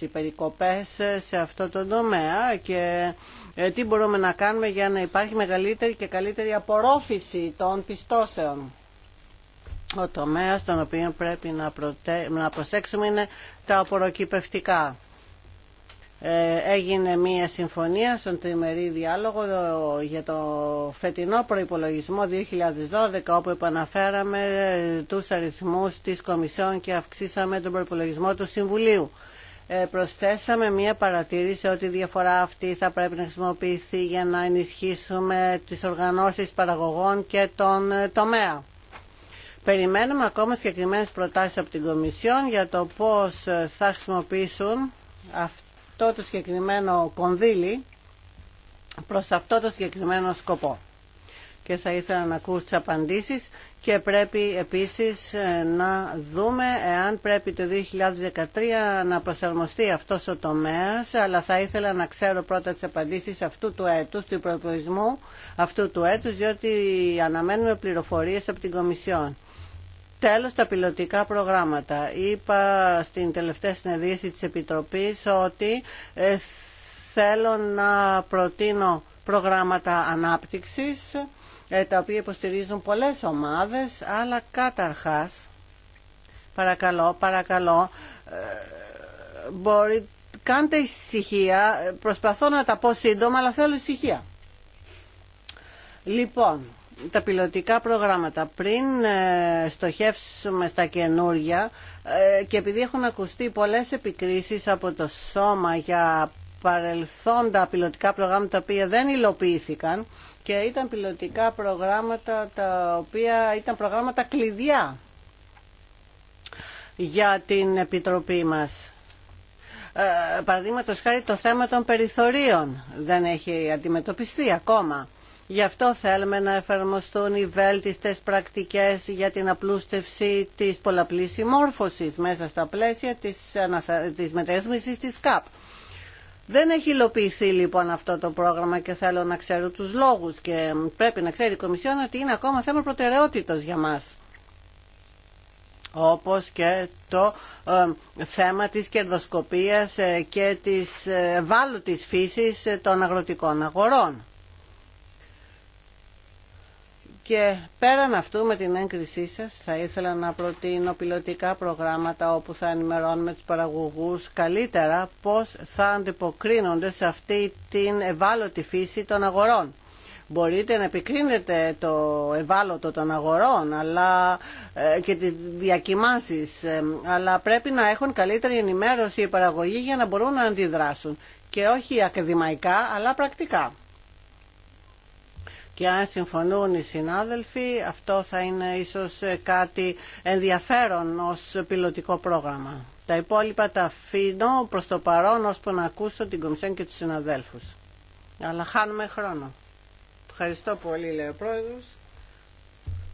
οι περικοπές σε αυτό το τομέα και ε, τι μπορούμε να κάνουμε για να υπάρχει μεγαλύτερη και καλύτερη απορρόφηση των πιστώσεων. Ο τομέα τον οποίο πρέπει να, προσέξουμε είναι τα απορροκυπευτικά. Ε, έγινε μία συμφωνία στον τριμερή διάλογο ε, για το φετινό προϋπολογισμό 2012 όπου επαναφέραμε τους αριθμούς της Κομισιόν και αυξήσαμε τον προϋπολογισμό του Συμβουλίου. Ε, προσθέσαμε μία παρατήρηση ότι η διαφορά αυτή θα πρέπει να χρησιμοποιηθεί για να ενισχύσουμε τις οργανώσεις παραγωγών και τον ε, τομέα. Περιμένουμε ακόμα συγκεκριμένε προτάσεις από την Κομισιόν για το πώς ε, θα χρησιμοποιήσουν αυτό το συγκεκριμένο κονδύλι προς αυτό το συγκεκριμένο σκοπό και θα ήθελα να ακούσω τις απαντήσεις και πρέπει επίσης ε, να δούμε εάν πρέπει το 2013 να προσαρμοστεί αυτός ο τομέας αλλά θα ήθελα να ξέρω πρώτα τις απαντήσεις αυτού του έτους, του προπορισμού αυτού του έτους διότι αναμένουμε πληροφορίες από την Κομισιόν. Τέλος, τα πιλωτικά προγράμματα. Είπα στην τελευταία συνεδρίαση της Επιτροπής ότι ε, θέλω να προτείνω προγράμματα ανάπτυξης, ε, τα οποία υποστηρίζουν πολλές ομάδες, αλλά κάταρχας, παρακαλώ, παρακαλώ, ε, μπορεί, κάντε ησυχία, προσπαθώ να τα πω σύντομα, αλλά θέλω ησυχία. Λοιπόν, τα πιλωτικά προγράμματα πριν ε, στοχεύσουμε στα καινούρια και επειδή έχουν ακουστεί πολλές επικρίσεις από το σώμα για παρελθόντα πιλωτικά προγράμματα τα οποία δεν υλοποιήθηκαν και ήταν πιλωτικά προγράμματα τα οποία ήταν προγράμματα κλειδιά για την Επιτροπή μας. Ε, παραδείγματος χάρη το θέμα των περιθωρίων δεν έχει αντιμετωπιστεί ακόμα. Γι' αυτό θέλουμε να εφαρμοστούν οι βέλτιστες πρακτικές για την απλούστευση της πολλαπλής συμμόρφωσης μέσα στα πλαίσια της, της μεταρρύθμισης της ΚΑΠ. Δεν έχει υλοποιηθεί λοιπόν αυτό το πρόγραμμα και θέλω να ξέρω τους λόγους και πρέπει να ξέρει η Κομισιόν ότι είναι ακόμα θέμα προτεραιότητας για μας. Όπως και το ε, θέμα της κερδοσκοπίας ε, και της ε, βάλου φύσης ε, των αγροτικών αγορών. Και πέραν αυτού με την έγκρισή σας θα ήθελα να προτείνω πιλωτικά προγράμματα όπου θα ενημερώνουμε τους παραγωγούς καλύτερα πώς θα αντιποκρίνονται σε αυτή την ευάλωτη φύση των αγορών. Μπορείτε να επικρίνετε το ευάλωτο των αγορών αλλά, ε, και τις διακοιμάνσεις, ε, αλλά πρέπει να έχουν καλύτερη ενημέρωση οι παραγωγοί για να μπορούν να αντιδράσουν και όχι ακαδημαϊκά αλλά πρακτικά. Για αν συμφωνούν οι συνάδελφοι αυτό θα είναι ίσως κάτι ενδιαφέρον ως πιλωτικό πρόγραμμα. Τα υπόλοιπα τα αφήνω προς το παρόν ώσπου να ακούσω την Κομισιόν και τους συναδέλφους. Αλλά χάνουμε χρόνο. Ευχαριστώ πολύ λέει ο Πρόεδρος.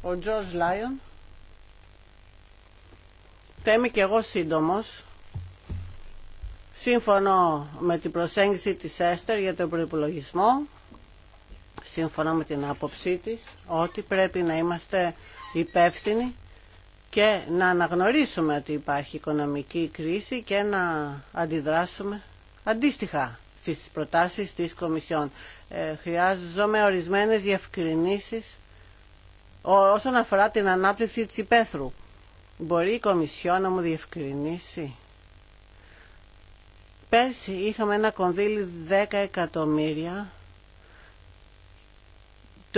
Ο Τζορτζ Λάιον. Θα είμαι και εγώ σύντομος. Σύμφωνο με την προσέγγιση της Έστερ για τον προϋπολογισμό σύμφωνα με την άποψή της ότι πρέπει να είμαστε υπεύθυνοι και να αναγνωρίσουμε ότι υπάρχει οικονομική κρίση και να αντιδράσουμε αντίστοιχα στις προτάσεις της Κομισιόν. Ε, χρειάζομαι ορισμένες διευκρινήσεις όσον αφορά την ανάπτυξη της υπαίθρου. Μπορεί η Κομισιόν να μου διευκρινίσει. Πέρσι είχαμε ένα κονδύλι 10 εκατομμύρια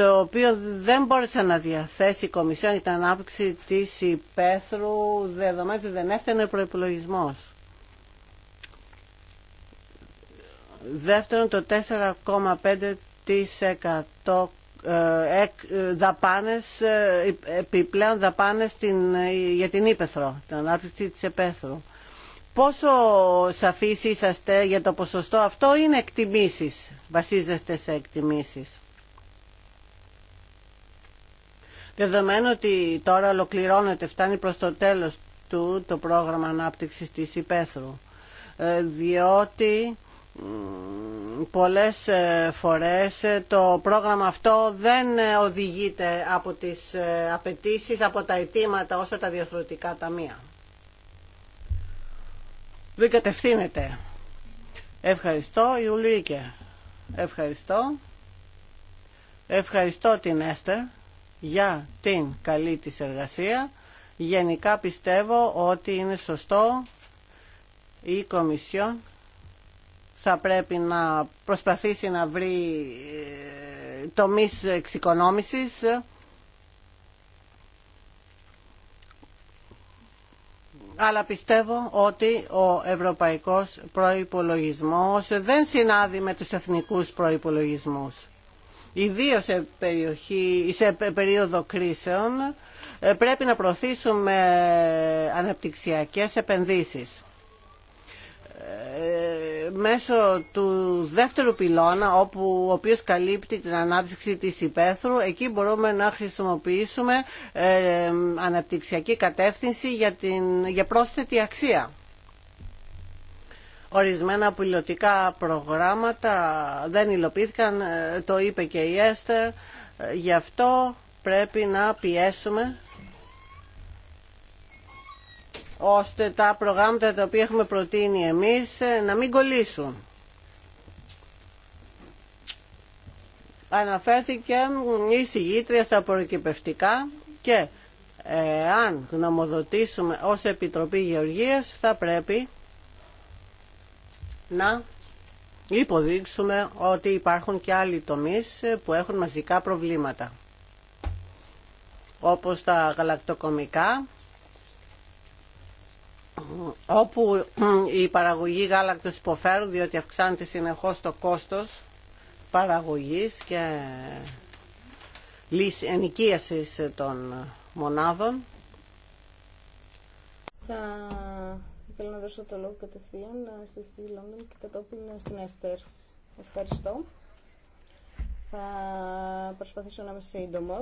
το οποίο δεν μπόρεσε να διαθέσει η Κομισιόν για την ανάπτυξη της υπαίθρου δεδομένου ότι δεν έφτανε ο προϋπολογισμός. Δεύτερον, το 4,5% ε, ε, δαπάνες, ε, επιπλέον δαπάνες για την ύπεθρο, την ανάπτυξη της Επέθρου. Πόσο σαφείς είσαστε για το ποσοστό αυτό είναι εκτιμήσεις, βασίζεστε σε εκτιμήσεις. Δεδομένου ότι τώρα ολοκληρώνεται, φτάνει προς το τέλος του το πρόγραμμα ανάπτυξης της υπαίθρου, ε, διότι πολλές ε, φορές ε, το πρόγραμμα αυτό δεν οδηγείται από τις απαιτήσει, από τα αιτήματα όσο τα διαφορετικά ταμεία. Δεν κατευθύνεται. Ευχαριστώ η Ευχαριστώ. Ευχαριστώ την Έστερ για την καλή της εργασία. Γενικά πιστεύω ότι είναι σωστό η Κομισιόν θα πρέπει να προσπαθήσει να βρει ε, τομείς εξοικονόμησης αλλά πιστεύω ότι ο ευρωπαϊκός προϋπολογισμός δεν συνάδει με τους εθνικούς προϋπολογισμούς. Ιδίω σε, περιοχή, σε περίοδο κρίσεων, ε, πρέπει να προωθήσουμε αναπτυξιακές επενδύσεις. Ε, μέσω του δεύτερου πυλώνα, όπου ο οποίος καλύπτει την ανάπτυξη της υπαίθρου, εκεί μπορούμε να χρησιμοποιήσουμε ε, αναπτυξιακή κατεύθυνση για, την, για πρόσθετη αξία. Ορισμένα πιλωτικά προγράμματα δεν υλοποιήθηκαν, ε, το είπε και η Έστερ, ε, γι' αυτό πρέπει να πιέσουμε ώστε τα προγράμματα τα οποία έχουμε προτείνει εμείς ε, να μην κολλήσουν. Αναφέρθηκε η συγγήτρια στα προκυπευτικά και αν γνωμοδοτήσουμε ως Επιτροπή Γεωργίας θα πρέπει να υποδείξουμε ότι υπάρχουν και άλλοι τομείς που έχουν μαζικά προβλήματα όπως τα γαλακτοκομικά όπου η παραγωγή γάλακτος υποφέρουν διότι αυξάνεται συνεχώς το κόστος παραγωγής και ενοικίασης των μονάδων θέλω να δώσω το λόγο κατευθείαν ε, στη Στή και κατόπιν ε, στην Έστερ. Ευχαριστώ. Θα προσπαθήσω να είμαι σύντομο.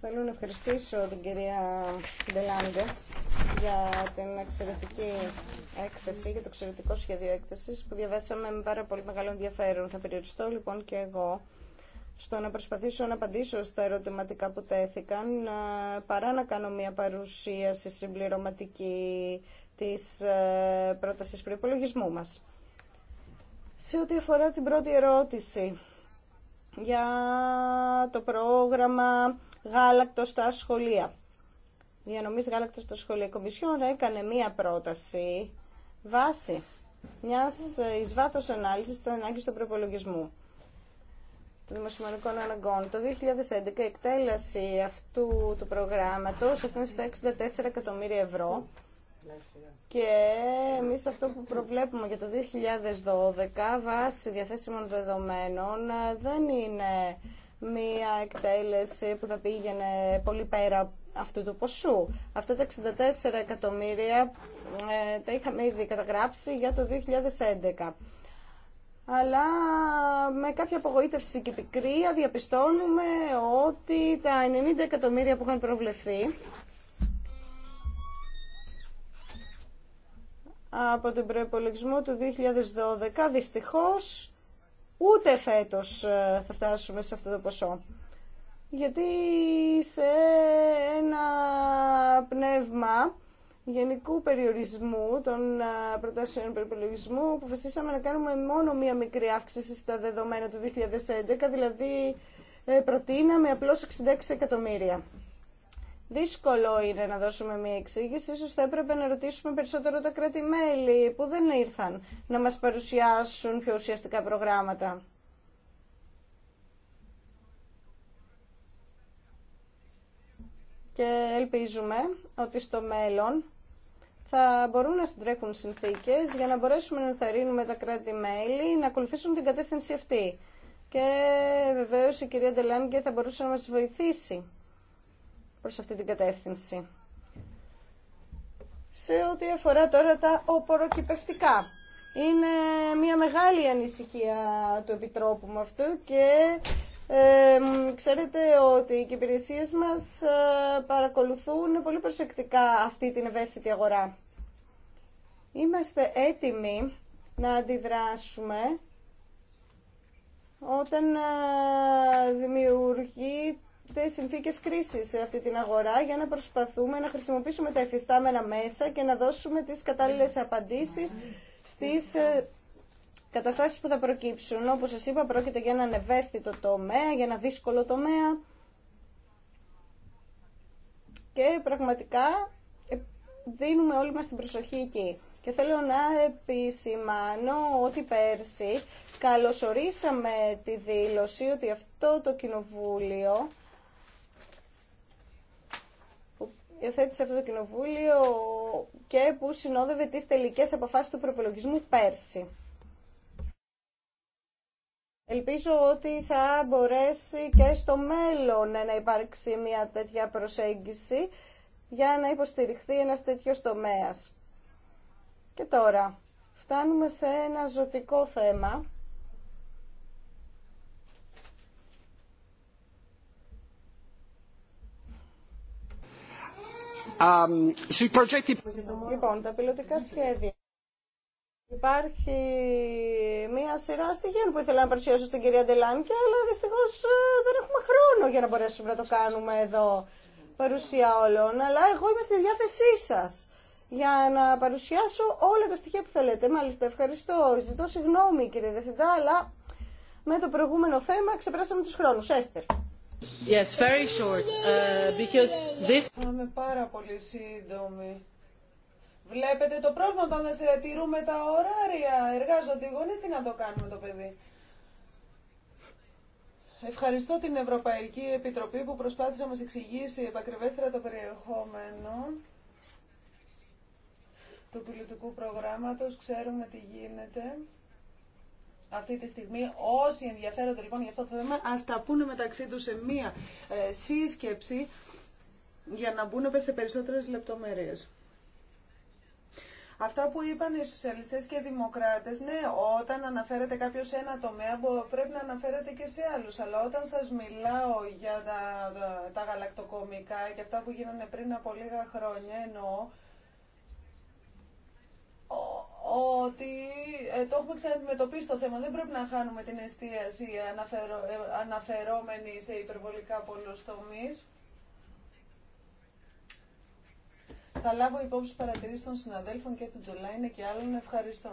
Θέλω να ευχαριστήσω την κυρία Ντελάνγκο για την εξαιρετική έκθεση, για το εξαιρετικό σχέδιο έκθεσης που διαβάσαμε με πάρα πολύ μεγάλο ενδιαφέρον. Θα περιοριστώ λοιπόν και εγώ στο να προσπαθήσω να απαντήσω στα ερωτηματικά που τέθηκαν ε, παρά να κάνω μια παρουσίαση συμπληρωματική της ε, πρότασης προϋπολογισμού μας. Σε ό,τι αφορά την πρώτη ερώτηση για το πρόγραμμα γάλακτο στα σχολεία. Διανομής γάλακτο στα σχολεία. Η Κομισιόν έκανε μία πρόταση βάση μιας ε, εις βάθος ανάλυσης της ανάγκης του προπολογισμού των δημοσιονομικών αναγκών. Το 2011 η εκτέλεση αυτού του προγράμματος έφτανε στα 64 εκατομμύρια ευρώ. Και εμεί αυτό που προβλέπουμε για το 2012 βάσει διαθέσιμων δεδομένων δεν είναι μία εκτέλεση που θα πήγαινε πολύ πέρα αυτού του ποσού. Αυτά τα 64 εκατομμύρια ε, τα είχαμε ήδη καταγράψει για το 2011 αλλά με κάποια απογοήτευση και πικρία διαπιστώνουμε ότι τα 90 εκατομμύρια που είχαν προβλεφθεί από τον προϋπολογισμό του 2012 δυστυχώς ούτε φέτος ε, θα φτάσουμε σε αυτό το ποσό. Γιατί σε ένα πνεύμα γενικού περιορισμού των προτάσεων περιπολογισμού αποφασίσαμε να κάνουμε μόνο μία μικρή αύξηση στα δεδομένα του 2011, δηλαδή ε, προτείναμε απλώς 66 εκατομμύρια. Δύσκολο είναι να δώσουμε μία εξήγηση. Ίσως θα έπρεπε να ρωτήσουμε περισσότερο τα κράτη-μέλη που δεν ήρθαν να μας παρουσιάσουν πιο ουσιαστικά προγράμματα. και ελπίζουμε ότι στο μέλλον θα μπορούν να συντρέχουν συνθήκες για να μπορέσουμε να ενθαρρύνουμε τα κράτη-μέλη να ακολουθήσουν την κατεύθυνση αυτή. Και βεβαίως η κυρία Ντελάνγκε θα μπορούσε να μας βοηθήσει προς αυτή την κατεύθυνση. Σε ό,τι αφορά τώρα τα οποροκυπευτικά. Είναι μια μεγάλη ανησυχία του Επιτρόπου με αυτού και ξέρετε ότι οι υπηρεσίες μας ε, παρακολουθούν πολύ προσεκτικά αυτή την ευαίσθητη αγορά. Είμαστε έτοιμοι να αντιδράσουμε όταν ε, δημιουργείται συνθήκες κρίσης σε αυτή την αγορά για να προσπαθούμε να χρησιμοποιήσουμε τα εφιστάμενα μέσα και να δώσουμε τις κατάλληλες απαντήσεις στις ε, καταστάσεις που θα προκύψουν. Όπως σας είπα, πρόκειται για έναν ευαίσθητο τομέα, για ένα δύσκολο τομέα. Και πραγματικά ε, δίνουμε όλοι μας την προσοχή εκεί. Και θέλω να επισημάνω ότι πέρσι καλωσορίσαμε τη δήλωση ότι αυτό το κοινοβούλιο που υιοθέτησε αυτό το κοινοβούλιο και που συνόδευε τις τελικές αποφάσεις του προπολογισμού πέρσι. Ελπίζω ότι θα μπορέσει και στο μέλλον να υπάρξει μια τέτοια προσέγγιση για να υποστηριχθεί ένας τέτοιος τομέας. Και τώρα, φτάνουμε σε ένα ζωτικό θέμα. Um, so Λοιπόν, τα πιλωτικά σχέδια. Υπάρχει μία σειρά στοιχείων που ήθελα να παρουσιάσω στην κυρία Ντελάνκια, αλλά δυστυχώ ε, δεν έχουμε χρόνο για να μπορέσουμε να το κάνουμε εδώ παρουσία όλων. Αλλά εγώ είμαι στη διάθεσή σα για να παρουσιάσω όλα τα στοιχεία που θέλετε. Μάλιστα, ευχαριστώ. Ζητώ συγγνώμη, κύριε Διευθυντά, αλλά με το προηγούμενο θέμα ξεπεράσαμε του χρόνου. Έστερ. Yes, very short, uh, because this... πάρα πολύ σύντομη Βλέπετε το πρόβλημα όταν δεν τηρούμε τα ωράρια. Εργάζονται οι γονείς, τι να το κάνουμε το παιδί. Ευχαριστώ την Ευρωπαϊκή Επιτροπή που προσπάθησε να μας εξηγήσει επακριβέστερα το περιεχόμενο του πιλωτικού προγράμματος. Ξέρουμε τι γίνεται αυτή τη στιγμή. Όσοι ενδιαφέρονται λοιπόν για αυτό το θέμα, ας τα πούνε μεταξύ τους σε μία ε, σύσκεψη για να μπουν σε περισσότερες λεπτομέρειες. Αυτά που είπαν οι σοσιαλιστές και οι δημοκράτες, ναι, όταν αναφέρεται κάποιο σε ένα τομέα πρέπει να αναφέρεται και σε άλλους, αλλά όταν σας μιλάω για τα, τα, γαλακτοκομικά και αυτά που γίνανε πριν από λίγα χρόνια, εννοώ ότι ε, το έχουμε ξαναντιμετωπίσει το θέμα. Δεν πρέπει να χάνουμε την εστίαση αναφερο, ε, αναφερόμενη σε υπερβολικά πολλούς τομείς. Θα λάβω υπόψη παρατηρήσει των συναδέλφων και του Τζολάινε και άλλων. Ευχαριστώ.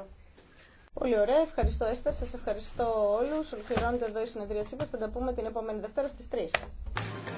Πολύ ωραία, ευχαριστώ Έστερ, Σα ευχαριστώ όλου. Ολοκληρώνεται εδώ η συνεδρία σα. θα τα πούμε την επόμενη Δευτέρα στι 3.